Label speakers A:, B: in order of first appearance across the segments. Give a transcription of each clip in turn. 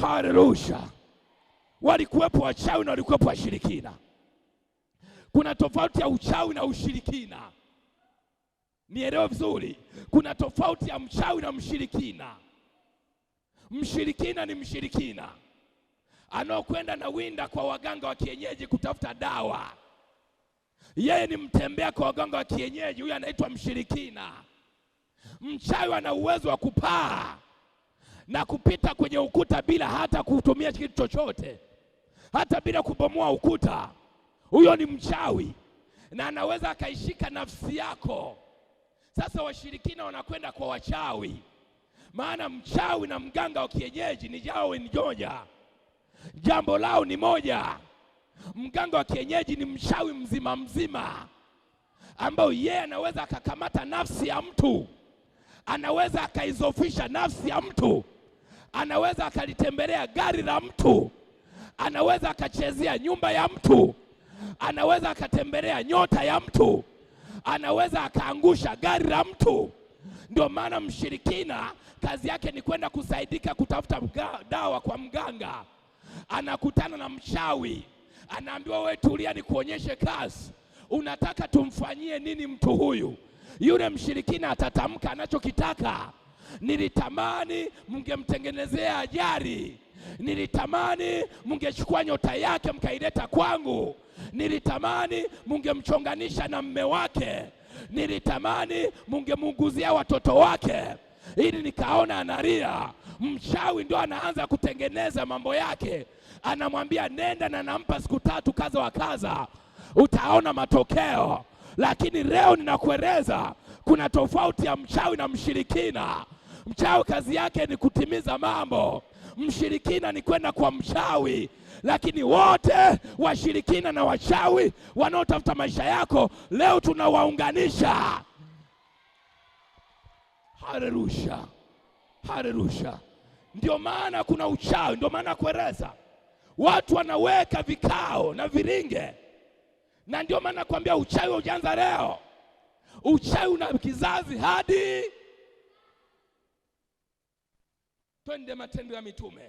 A: Haleluya! Walikuwepo wachawi na walikuwepo washirikina. Kuna tofauti ya uchawi na ushirikina, nielewe vizuri. Kuna tofauti ya mchawi na mshirikina. Mshirikina ni mshirikina anaokwenda na winda kwa waganga wa kienyeji kutafuta dawa, yeye ni mtembea kwa waganga wa kienyeji, huyo anaitwa mshirikina. Mchawi ana uwezo wa kupaa na kupita kwenye ukuta bila hata kutumia kitu chochote, hata bila kubomoa ukuta. Huyo ni mchawi na anaweza akaishika nafsi yako. Sasa washirikina wanakwenda kwa wachawi, maana mchawi na mganga wa kienyeji ni jao ni joja, jambo lao ni moja. Mganga wa kienyeji ni mchawi mzima mzima, ambayo yeye anaweza akakamata nafsi ya mtu, anaweza akaizofisha nafsi ya mtu anaweza akalitembelea gari la mtu, anaweza akachezea nyumba ya mtu, anaweza akatembelea nyota ya mtu, anaweza akaangusha gari la mtu. Ndio maana mshirikina kazi yake ni kwenda kusaidika kutafuta mga, dawa kwa mganga. Anakutana na mchawi, anaambiwa wewe, tulia, kuonyeshe kazi. Unataka tumfanyie nini mtu huyu? Yule mshirikina atatamka anachokitaka. Nilitamani mngemtengenezea ajari, nilitamani mngechukua nyota yake mkaileta kwangu, nilitamani mungemchonganisha na mme wake, nilitamani mungemuunguzia watoto wake, ili nikaona analia. Mchawi ndo anaanza kutengeneza mambo yake, anamwambia nenda, na nampa siku tatu kaza wa kaza, utaona matokeo. Lakini leo ninakueleza kuna tofauti ya mchawi na mshirikina. Mchawi kazi yake ni kutimiza mambo, mshirikina ni kwenda kwa mchawi. Lakini wote washirikina na wachawi wanaotafuta maisha yako leo tunawaunganisha. Haleluya, haleluya! Ndio maana kuna uchawi, ndio maana kuereza watu wanaweka vikao na viringe, na ndio maana kuambia uchawi haujaanza leo. Uchawi una kizazi hadi Twende Matendo ya Mitume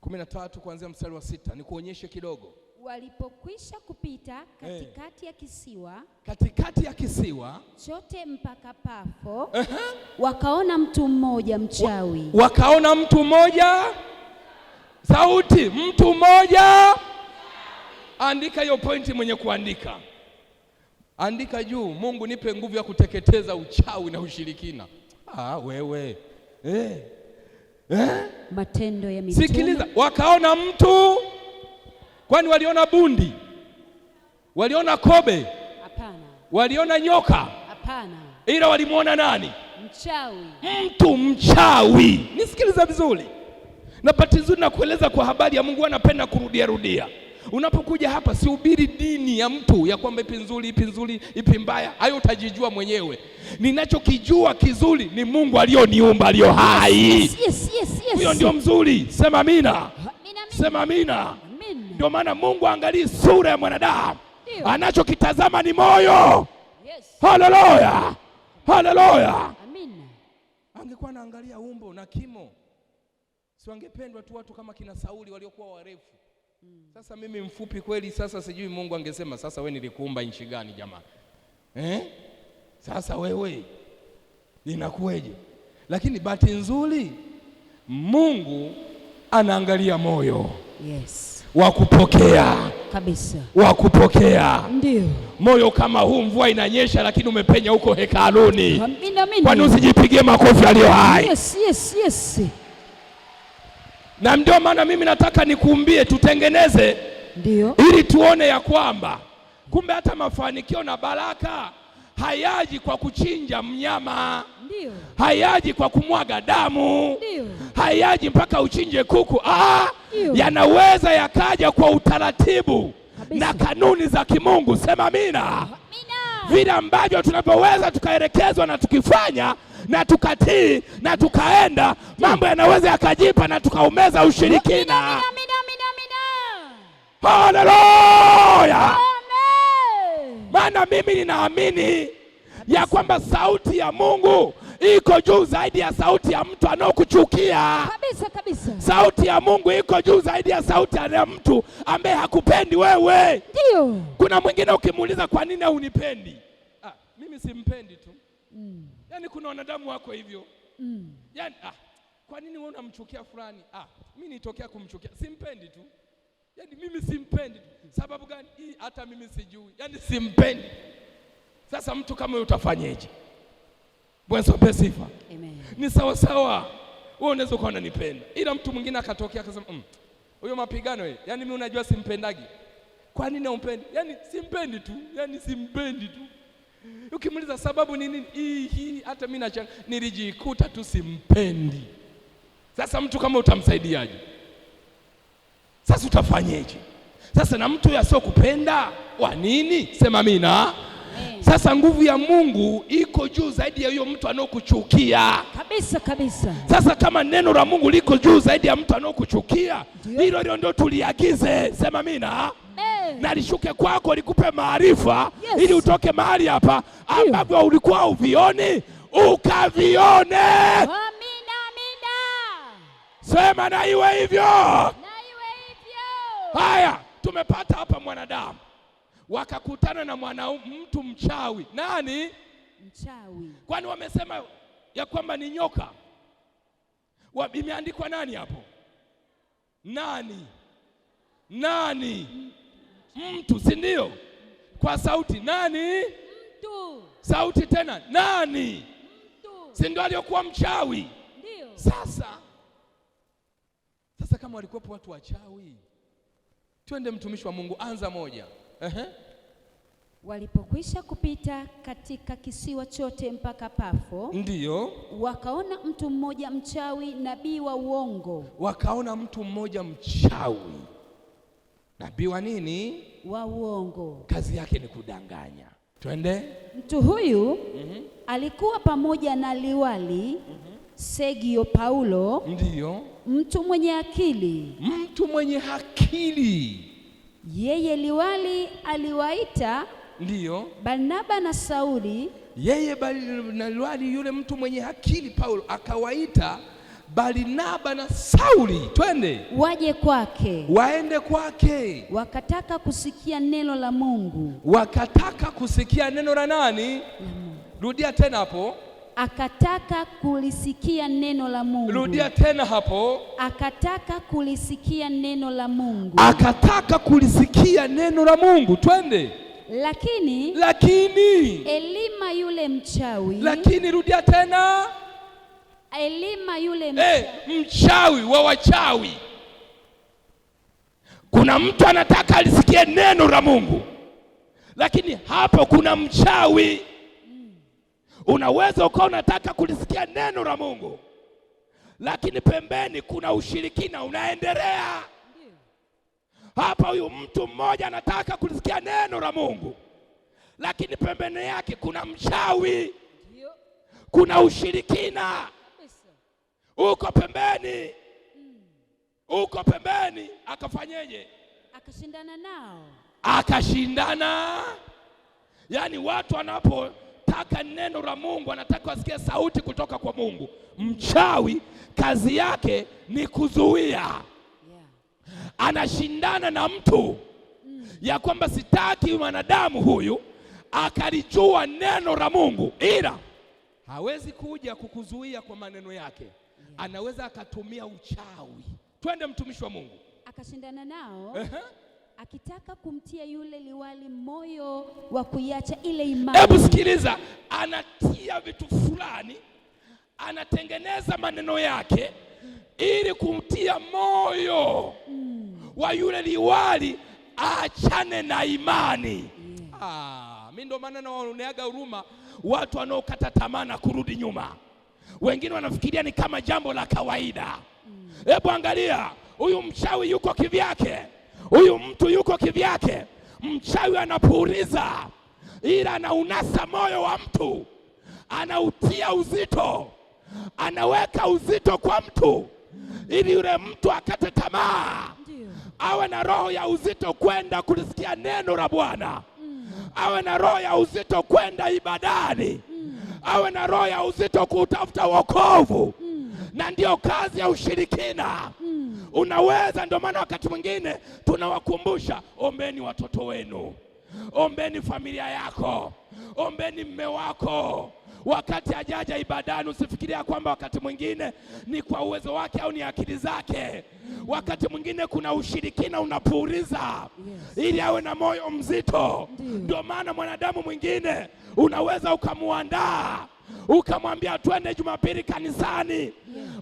A: kumi na tatu kuanzia mstari wa sita nikuonyeshe kidogo. Walipokwisha kupita eh. katikati hey, ya kisiwa
B: katikati ya kisiwa
A: chote mpaka Pafo uh -huh, wakaona mtu mmoja mchawi
B: wa, wakaona mtu mmoja sauti, mtu mmoja andika hiyo pointi, mwenye kuandika andika juu. Mungu nipe nguvu ya kuteketeza uchawi na ushirikina. Ah, wewe eh.
A: Eh? Matendo ya mitume. Sikiliza,
B: wakaona mtu, kwani waliona bundi? Waliona kobe? Hapana. Waliona nyoka? Hapana. Ila walimwona nani? Mchawi. Mtu mchawi. Nisikiliza vizuri, napatizuri na kueleza kwa habari ya Mungu, anapenda kurudia rudia Unapokuja hapa sihubiri dini ya mtu ya kwamba ipi nzuri, ipi nzuri, ipi mbaya. Hayo utajijua mwenyewe. Ninachokijua kizuri ni Mungu aliyoniumba aliyo hai. Yes,
A: yes, yes, yes,
B: yes. Ndio mzuri. Sema amina, sema amina. Ndio maana Mungu angalii sura ya mwanadamu, anachokitazama ni moyo. Yes. Haleluya, haleluya. Angekuwa anaangalia umbo na kimo, si wangependwa tu watu kama kina Sauli waliokuwa warefu Mm. Sasa mimi mfupi kweli, sasa sijui Mungu angesema sasa we nilikuumba nchi gani jamani eh? Sasa wewe inakuweje? Lakini bahati nzuri Mungu anaangalia moyo yes. wa kupokea kabisa wa kupokea ndio moyo kama huu. Mvua inanyesha lakini umepenya huko hekaluni, kwani usijipigie makofi aliyo hai?
A: yes, yes, yes
B: na ndio maana mimi nataka nikuumbie tutengeneze, ndio ili tuone ya kwamba kumbe hata mafanikio na baraka hayaji kwa kuchinja mnyama ndio, hayaji kwa kumwaga damu ndio, hayaji mpaka uchinje kuku. Ah, yanaweza yakaja kwa utaratibu Kabisa. na kanuni za kimungu. Sema mina, mina. vile ambavyo tunavyoweza tukaelekezwa na tukifanya na tukatii na tukaenda, mambo yanaweza yakajipa na tukaumeza ushirikina. Haleluya! Maana mimi ninaamini ya kwamba sauti ya Mungu iko juu zaidi ya sauti ya mtu anaokuchukia. Kabisa kabisa. Sauti ya Mungu iko juu zaidi ya sauti ya mtu ambaye hakupendi wewe. Ndio. Kuna mwingine ukimuuliza kwa nini unipendi Ah, mimi simpendi tu. Mm. Yaani kuna wanadamu wako hivyo mm. Yaani ah, kwa nini wewe unamchukia fulani? Ah, mimi nitokea kumchukia, simpendi tu. Yaani mimi simpendi tu. Sababu gani? Hii hata mimi sijui, yaani simpendi. Sasa mtu kama yeye utafanyeje? Bwana sope sifa. Amen. Ni sawa sawa, wewe unaweza kuwa unanipenda, ila mtu mwingine akatokea akasema mm, huyo mapigano yeye. Yaani mimi unajua simpendagi. Kwa nini naumpendi? Yaani simpendi tu, yaani simpendi tu ukimuliza sababu ni nini, hii hii, hata mimi nacha nilijikuta tu simpendi. Sasa mtu kama utamsaidiaje? Sasa utafanyeje? Sasa na mtu asiyokupenda wa nini? Sema mina. Sasa nguvu ya Mungu iko juu zaidi ya huyo mtu anaokuchukia kabisa kabisa. Sasa kama neno la Mungu liko juu zaidi ya mtu anaokuchukia, hilo hilo ndio tuliagize. Sema mina na lishuke kwako likupe maarifa yes, ili utoke mahali hapa ambavyo ulikuwa uvioni ukavione. Amina, amina. Sema na iwe hivyo, Haya, tumepata hapa mwanadamu wakakutana na mwana mtu mchawi. Nani mchawi? Kwani wamesema ya kwamba ni nyoka? Imeandikwa nani hapo? Nani? Nani? mtu, si ndio? Kwa sauti nani? Mtu. Sauti tena nani? Mtu. Si ndio aliyokuwa mchawi? Ndio. Sasa sasa, kama walikuwepo watu wachawi, twende mtumishi wa Mungu, anza moja. Ehe.
A: Walipokwisha kupita katika kisiwa chote mpaka Pafo, ndiyo wakaona mtu mmoja mchawi, nabii wa uongo.
B: Wakaona mtu mmoja mchawi Nabii wa nini? Wa uongo. Kazi yake ni kudanganya. Twende.
A: Mtu huyu mm -hmm. alikuwa pamoja na liwali mm -hmm. Sergio Paulo, ndiyo mtu mwenye akili,
B: mtu mwenye akili.
A: Yeye liwali aliwaita, ndiyo Barnaba na Sauli.
B: Yeye bali, na liwali yule mtu mwenye akili Paulo akawaita Barnaba na Sauli, twende
A: waje kwake,
B: waende kwake.
A: Wakataka kusikia neno la Mungu,
B: wakataka kusikia neno la nani? La Rudia tena hapo
A: akataka kulisikia neno la Mungu.
B: Rudia tena hapo.
A: Akataka kulisikia neno la Mungu.
B: Akataka kulisikia neno la Mungu. Twende.
A: Lakini,
B: lakini
A: Elima yule mchawi.
B: Lakini rudia tena
A: Elima yule eh, mchawi.
B: Hey, mchawi wa wachawi. Kuna mtu anataka alisikie neno la Mungu, lakini hapo kuna mchawi. Unaweza ukawa unataka kulisikia neno la Mungu, lakini pembeni kuna ushirikina unaendelea. Hapa huyu mtu mmoja anataka kulisikia neno la Mungu, lakini pembeni yake kuna mchawi, kuna ushirikina uko pembeni, uko pembeni. Akafanyeje? Akashindana nao, akashindana. Yaani watu wanapotaka neno la Mungu, anataka wasikie sauti kutoka kwa Mungu. Mchawi kazi yake ni kuzuia, yeah. Anashindana na mtu mm, ya kwamba sitaki mwanadamu huyu akalijua neno la Mungu, ila hawezi kuja kukuzuia kwa maneno yake anaweza akatumia uchawi. Twende mtumishi wa Mungu
A: akashindana nao uh -huh. Akitaka kumtia yule liwali moyo wa kuiacha ile imani.
B: Hebu sikiliza, anatia vitu fulani, anatengeneza maneno yake ili kumtia moyo mm. wa yule liwali aachane na imani yeah. Ah, mimi ndo maana nawaoneaga huruma watu wanaokata tamaa na kurudi nyuma wengine wanafikiria ni kama jambo la kawaida. Hebu mm. angalia, huyu mchawi yuko kivyake, huyu mtu yuko kivyake. Mchawi anapuuliza, ila anaunasa moyo wa mtu, anautia uzito, anaweka uzito kwa mtu ili yule mtu akate tamaa, awe na roho ya uzito kwenda kulisikia neno la Bwana, mm. awe na roho ya uzito kwenda ibadani mm awe na roho ya uzito kuutafuta wokovu mm. na ndiyo kazi ya ushirikina mm. Unaweza, ndio maana wakati mwingine tunawakumbusha, ombeni watoto wenu, ombeni familia yako, ombeni mme wako wakati ajaja ibadani, usifikiria kwamba wakati mwingine ni kwa uwezo wake au ni akili zake. Wakati mwingine kuna ushirikina unapuuriza yes, ili awe na moyo mzito. Ndio maana mwanadamu mwingine unaweza ukamuandaa ukamwambia twende Jumapili kanisani,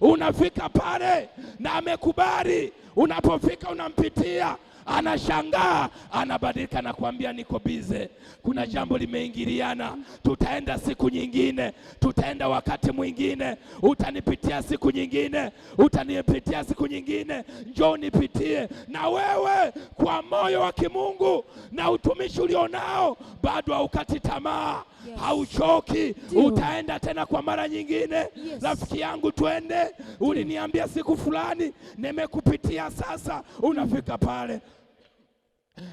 B: Unafika pale na amekubali, unapofika unampitia anashangaa, anabadilika na kuambia niko bize, kuna jambo limeingiliana, tutaenda siku nyingine, tutaenda wakati mwingine, utanipitia siku nyingine, utanipitia siku nyingine, njoo nipitie. Na wewe kwa moyo wa kimungu na utumishi ulionao bado haukati tamaa. Hauchoki, utaenda tena kwa mara nyingine yes. Rafiki yangu twende, uliniambia siku fulani, nimekupitia sasa, unafika pale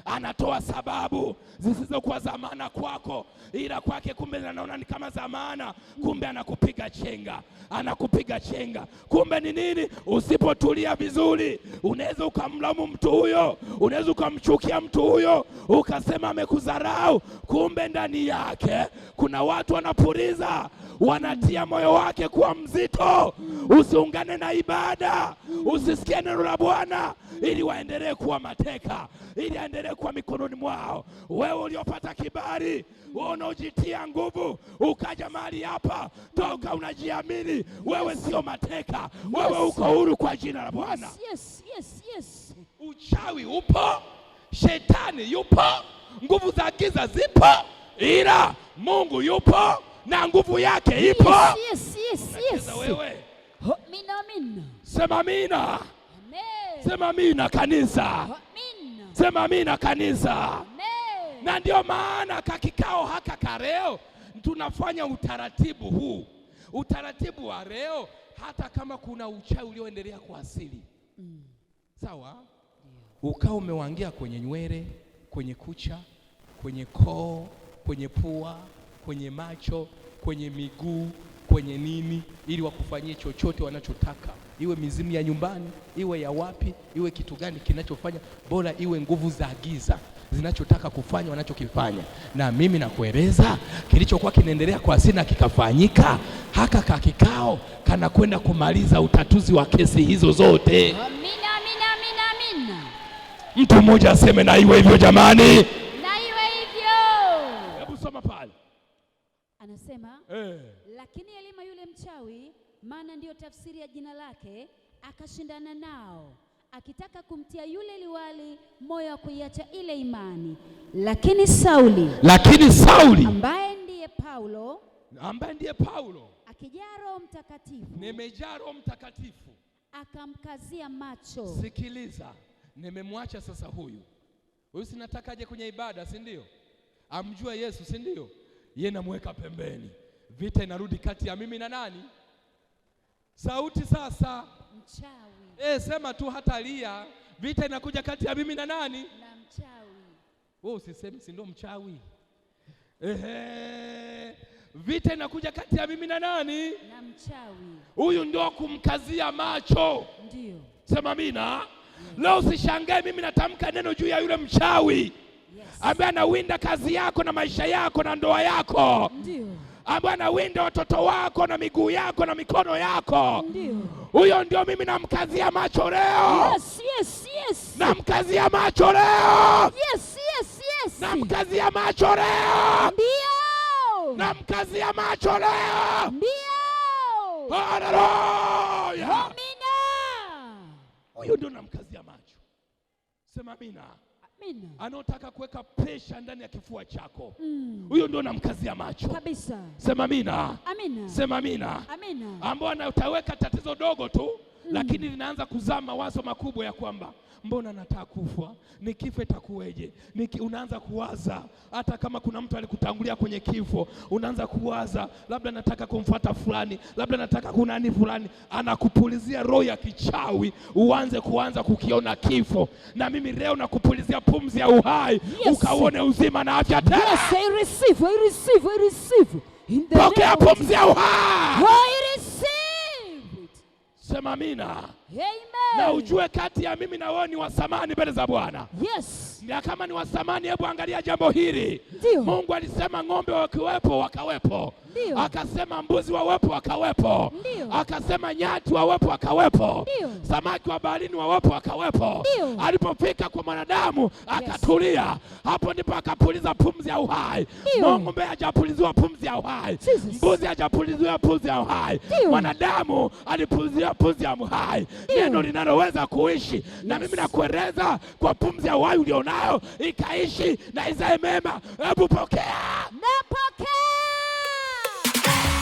B: anatoa sababu zisizokuwa za maana kwako, ila kwake kumbe anaona ni kama za maana. Kumbe anakupiga chenga, anakupiga chenga. Kumbe ni nini? Usipotulia vizuri, unaweza ukamlaumu mtu huyo, unaweza ukamchukia mtu huyo, ukasema amekudharau. Kumbe ndani yake kuna watu wanapuriza wanatia moyo wake kuwa mzito. Usiungane na ibada, usisikie neno la Bwana ili waendelee kuwa mateka, ili aendelee kuwa mikononi mwao. Wewe uliopata kibali, wewe unaojitia nguvu, ukaja mahali hapa, toka unajiamini. Wewe sio mateka, wewe uko huru kwa jina la Bwana. Yes, yes, yes. Uchawi upo, shetani yupo, nguvu za giza zipo, ila Mungu yupo na nguvu yake ipo. Yes, yes, yes. Mina, mina. Sema mina. Amen. Sema mina kanisa. Sema mina kanisa. Amen. Na ndio maana kakikao haka kareo tunafanya utaratibu huu, utaratibu wa leo, hata kama kuna uchawi ulioendelea kwa asili mm. Sawa, ukao umewangia kwenye nywele, kwenye kucha, kwenye koo, kwenye pua kwenye macho, kwenye miguu, kwenye nini, ili wakufanyie chochote wanachotaka, iwe mizimu ya nyumbani, iwe ya wapi, iwe kitu gani kinachofanya, bora iwe nguvu za giza zinachotaka kufanya wanachokifanya. Na mimi nakueleza kilichokuwa kinaendelea kwa Sina kikafanyika, haka ka kikao kanakwenda kumaliza utatuzi wa kesi hizo zote. Amina, amina, amina, amina. Mtu mmoja aseme na iwe hivyo jamani.
A: anasema hey, eh. lakini Elima yule mchawi, maana ndiyo tafsiri ya jina lake, akashindana nao akitaka kumtia yule liwali moyo wa kuiacha ile imani. Lakini Sauli,
B: lakini Sauli
A: ambaye ndiye Paulo,
B: ambaye ndiye Paulo
A: akijaa Roho Mtakatifu,
B: nimejaa Roho Mtakatifu,
A: akamkazia macho.
B: Sikiliza, nimemwacha sasa huyu huyu, sinataka aje kwenye ibada, si ndio? Amjua Yesu, si ndio? ye namweka pembeni, vita inarudi kati ya mimi na nani? Sauti sasa, mchawi. E, sema tu hata lia, vita inakuja kati ya mimi na nani? Na mchawi. Wewe usisemi, si ndio mchawi? Ehe, vita inakuja kati ya mimi na nani? Na mchawi. Huyu ndio kumkazia macho, ndio sema mina. Leo usishangae mimi natamka neno juu ya yule mchawi ambaye anawinda kazi yako na maisha yako na ndoa yako ambaye anawinda watoto wako na miguu yako na mikono yako. Huyo ndio mimi namkazia macho leo, namkazia macho leo, namkazia macho leo, ndio namkazia macho leo, Haleluya, amina. Huyo ndio namkazia macho, sema amina. Amina. Anaotaka kuweka presha ndani ya kifua chako mm. huyo mm. ndio namkazia macho kabisa. Sema amina. Amina. Sema amina. Amina. Ambao anataweka tatizo dogo tu lakini linaanza kuzaa mawazo makubwa ya kwamba mbona nataka kufa, nikifa itakuweje? Niki, unaanza kuwaza hata kama kuna mtu alikutangulia kwenye kifo, unaanza kuwaza labda nataka kumfuata fulani, labda nataka kunani fulani, anakupulizia roho ya kichawi, uanze kuanza kukiona kifo. Na mimi leo nakupulizia pumzi ya uhai, yes. Ukaone uzima na afya tena, yes, I receive, I receive, I receive. pokea pumzi ya uhai Sema amina. Amen. Na ujue kati ya mimi na wewe ni wa thamani mbele za Bwana. Yes na kama ni wasamani, hebu angalia jambo hili. Mungu alisema ng'ombe wakiwepo wakawepo. Ndio. Akasema mbuzi wawepo wakawepo. Ndio. Akasema nyati wawepo wakawepo. Ndio. Samaki wa baharini wawepo wakawepo. Alipofika kwa mwanadamu akatulia. Yes. Hapo ndipo akapuliza pumzi ya uhai. Ng'ombe hajapuliziwa pumzi ya uhai. Mbuzi hajapuliziwa pumzi ya uhai. Mwanadamu alipuliziwa pumzi ya uhai, neno linaloweza kuishi. Yes. Na mimi nakueleza kwa pumzi ya uhai ulionao nayo ikaishi na izae mema. Hebu pokea. Napokea.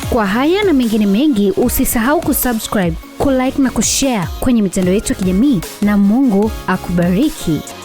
C: Kwa haya na mengine mengi, usisahau kusubscribe, kulike na kushare kwenye mitandao yetu ya kijamii, na Mungu akubariki.